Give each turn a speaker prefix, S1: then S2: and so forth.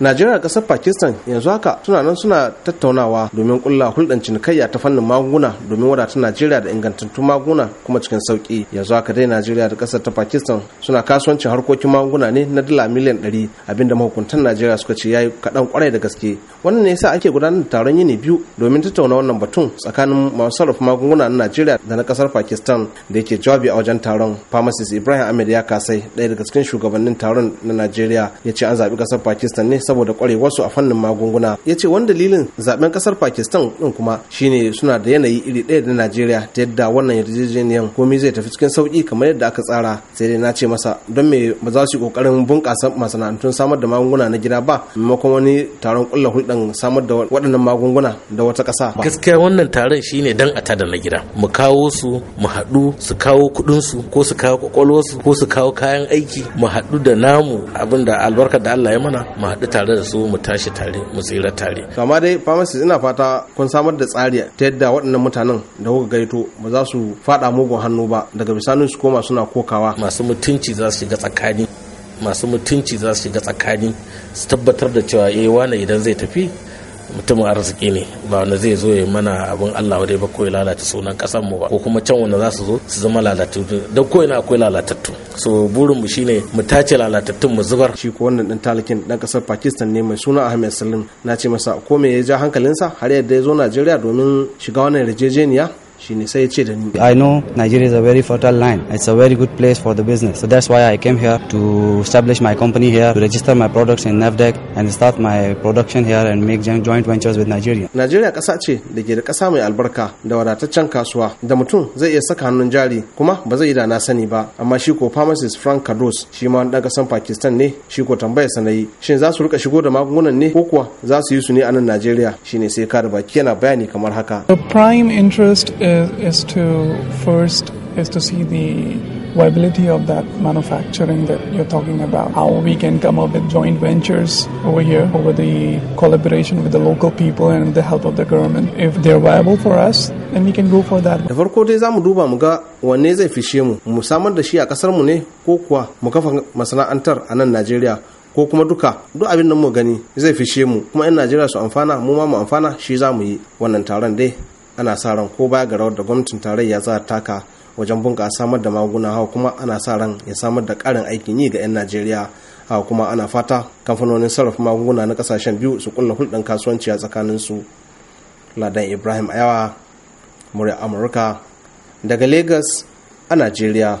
S1: Najeriya kasar Pakistan yanzu haka suna nan suna tattaunawa domin kulla hulɗar cinikayya ta fannin magunguna domin wadatar Najeriya da ingantattun magunguna kuma cikin sauki Yanzu haka dai Najeriya da kasar ta Pakistan suna kasuwancin harkokin magunguna ne na dala miliyan ɗari abinda mahukuntan Najeriya suka ce yayi kaɗan kwarai da gaske. Wannan ne yasa ake gudanar da taron yini biyu domin tattauna wannan batun tsakanin masu sarrafa magunguna na Najeriya da na kasar Pakistan da yake jawabi a wajen taron. Pharmacist Ibrahim Ahmed ya kasai ɗaya daga cikin shugabannin taron na Najeriya ya ce an zaɓi kasar Pakistan ne saboda kwarewarsu a fannin magunguna ya ce wani dalilin zaben kasar pakistan din kuma shine suna da yanayi iri ɗaya da najeriya ta yadda wannan yarjejeniyar komai zai tafi cikin sauki kamar yadda aka tsara sai dai na ce masa don me ba za su yi kokarin bunƙasa masana'antun samar da magunguna na gida ba maimakon wani taron kulla hulɗan samar da waɗannan magunguna da wata ƙasa
S2: gaskiya wannan taron shine dan a tada na gida mu kawo su mu haɗu su kawo kuɗin su ko su kawo kwakwalwarsu ko su kawo kayan aiki mu haɗu da namu abinda albarkar da Allah ya mana mu haɗu tare da su mu tashi tare mu tsira tare
S1: amma dai pharmacy ina fata kun samar da tsari ta yadda waɗannan mutanen da kuka gaito ba za su fada mugun hannu ba daga bisanin su koma suna kokawa
S2: masu mutunci za su shiga tsakani masu mutunci za su shiga tsakani su tabbatar da cewa eh wane idan zai tafi mutumin arziki ne ba wanda zai zo ya mana abin Allah wadai ba ko ya lalata sunan kasan mu ba ko kuma can wanda za su zo su zama lalatattu da koyi na akwai lalatattu so burin mu shine mu tace lalatattun mu zubar shi ko wannan dan talakin dan kasar Pakistan
S1: ne mai suna Ahmed Salim na ce masa ko me ya ja hankalinsa har yadda ya zo Najeriya domin shiga wannan yarjejeniya shine sai ya ce da ni I know Nigeria is a very fertile land it's a very good place for the business so that's why I came here to establish my company here to register my products in NAFDAC and start my production here and make joint ventures with Nigeria Nigeria kasa ce da ke da kasa mai albarka da wadataccen kasuwa da mutum zai iya saka hannun jari kuma ba zai yi da na sani ba amma shi ko pharmacist Frank Kados shi ma dan kasan Pakistan ne shi ko tambayar sanayi shin za su rika shigo da magungunan ne ko kuwa za su yi su ne a nan Najeriya shine sai ka da baki yana bayani kamar haka The prime interest is, is to first is to see the viability of that manufacturing that you're talking about, how we can come up with joint ventures over here, over the collaboration with the local people and the help of the government. If they're viable for us, then we can go for that. Da farko dai za mu duba mu ga wanne zai fishe mu, mu samar da shi a kasar mu ne ko kuwa mu kafa masana'antar a nan Najeriya ko kuma duka duk abin da mu gani zai fishe mu kuma 'yan Najeriya su amfana mu ma mu amfana shi za mu yi wannan taron dai ana sa ran ko baya ga rawar da gwamnatin tarayya za ta taka wajen bunƙasa samar da magunguna hawa kuma ana sa ran ya samar da ƙarin aikin yi ga 'yan najeriya hawa kuma ana fata kamfanonin sarrafa magunguna na ƙasashen biyu su kulla hulɗan kasuwanci a tsakanin su ladan ibrahim ayawa murya amurka daga lagos a najeriya